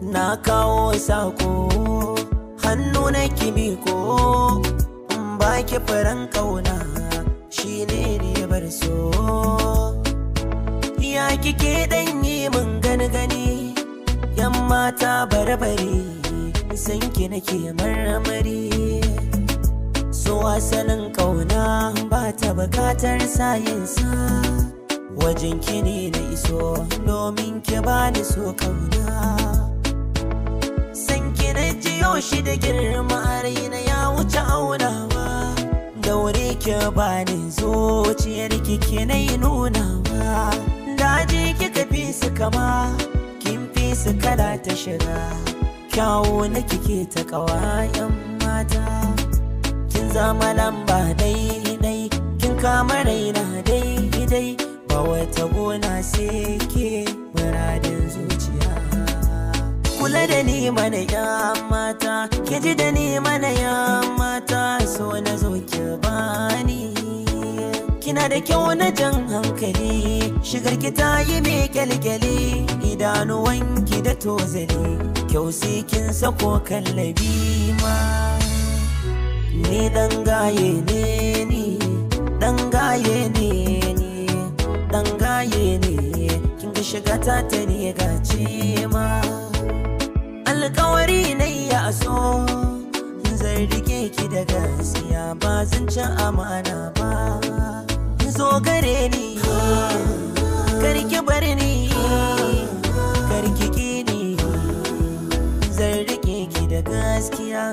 na kawo sako hannu na kimiko in ba ki faran kauna shi ne bar so ya kike dan yi mun gani gani yan mata barbare san ki nake marmari so asalin kauna ba ta bukatar sayinsa wajen ki ne na iso domin ki bani so kauna shi da girma raina ya wuce aunawa daure ki bani zuciyar ki na yi nunawa daji kika fi su kama kin fi su kala ta shiga kyawu na kike ta kawayan mata kin zama lamba mana ya mata ki ji da ni mana ya mata so na zo ki bani kina da kyau na jan hankali shigar ki ta yi mai kyalkyali ki da tozali kyau sai kin sako kallabi ma ni dan gaye ne ni dan gaye ne ni dan gaye ne kin ga shiga ta ta ne ma kokari na ya so zan rike ki da gaskiya ba zan ci amana ba zo gare ni karki bar ni karki ki ni zan rike ki da gaskiya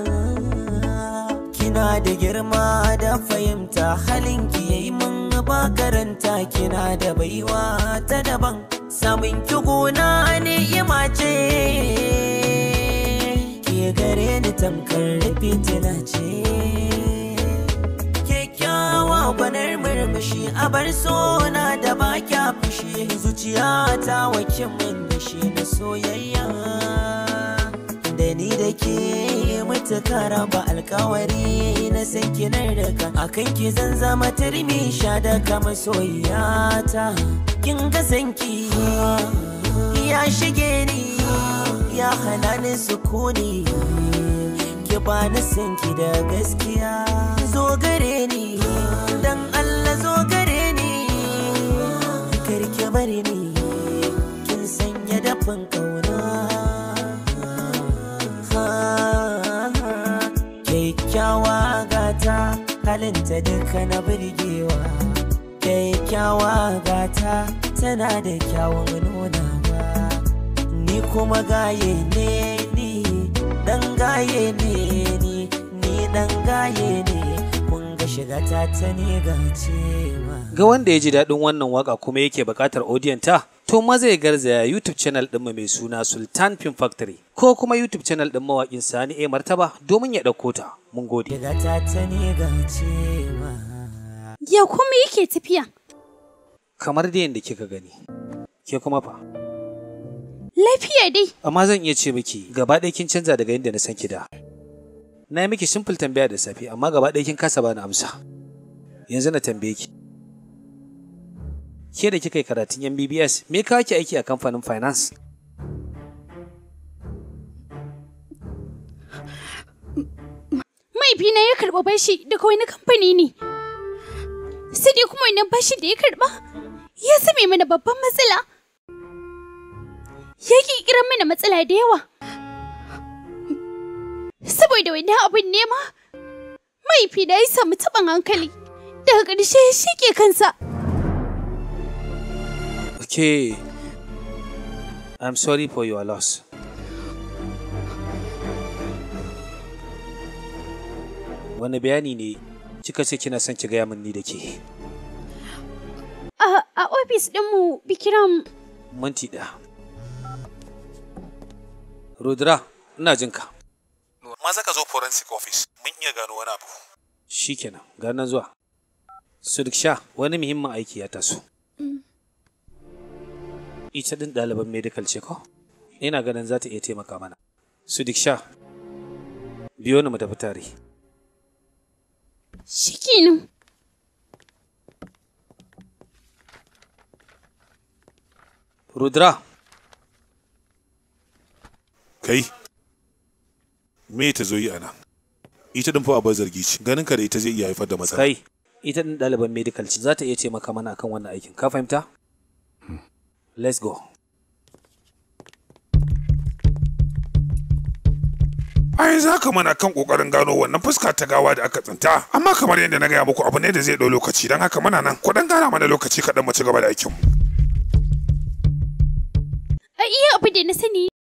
kina da girma da fahimta halin ki yayi mun ba karanta kina da baiwa ta daban samun ki gona ne ima ce ke gare ni tamkar tana ce kyakkyawa gwanar murmushi a bar sona da ba kya fushi zuciya ta wakin da shi na soyayya ni da ke mutakara ba alkawari na san kinar da ka akan ki zan zama turmi sha da ka masoyiya ta kin ga zanki? ya shige ni ya hana ni sukuni ki ba ni sanki da gaskiya zo gare ni dan Allah zo gare ni karki bari ni kin sanya dafin kauna halinta duka na birgewa kyawa gata tana da kyawun nuna ba ni kuma gaye ne ni dan gaye ne ni ni dan gaye ne ga shigata ta ga wanda ya ji daɗin wannan waka kuma yake buƙatar odiyanta to zai zai garzaya YouTube channel ɗinmu mai suna Sultan Film Factory ko kuma YouTube channel ɗin mawaƙin Sani A Martaba domin ya ɗauko ta. Mun gode. Ya kuma yake tafiya? Kamar da yadda kika gani. Ke kuma fa? Lafiya dai. Amma zan iya ce miki gaba ɗaya kin canza daga yadda na san ki da. Na yi miki simple tambaya da safe amma gaba ɗaya kin kasa bani amsa. Yanzu na tambaye ki. ke da kika yi karatun yan BBS me ka ke aiki a kamfanin finance na ya karɓa bashi daga wani kamfani ne sai dai kuma wannan bashi da ya karɓa ya same mana babban matsala ya ƙirƙirar mana matsala da yawa saboda wannan abin nema da ya samu taɓin hankali daga ƙarshe ya shike kansa Okay. I'm sorry for your loss. Wani bayani ne kika ce kina son ki gaya min ni da ke? A ofis ɗinmu bikiram. Minti ɗaya. rudra ina jinka. Maza ka zo forensic office, mun iya gano wani abu. Shikenan, ganin zuwa. Suriksha, wani muhimmin aiki ya taso. ita din ɗaliban medical ce ko ina ganin za ta iya taimaka mana su diksha biyo ni mu tafi tare shikinin rudra kai me ta zo yi a nan ita din fa a zargi ce ganin ka da ita zai iya haifar da matsala kai ita din ɗaliban medical ce za ta iya taimaka mana akan wannan aikin ka fahimta Let's go. ai za ka mana kan kokarin gano wannan fuska ta gawa da aka tsinta amma kamar yadda na gaya muku abu ne da zai ɗau lokaci don haka muna nan kuɗin gara mana lokaci kaɗan mu ci gaba da aikinmu. iya abu da na sani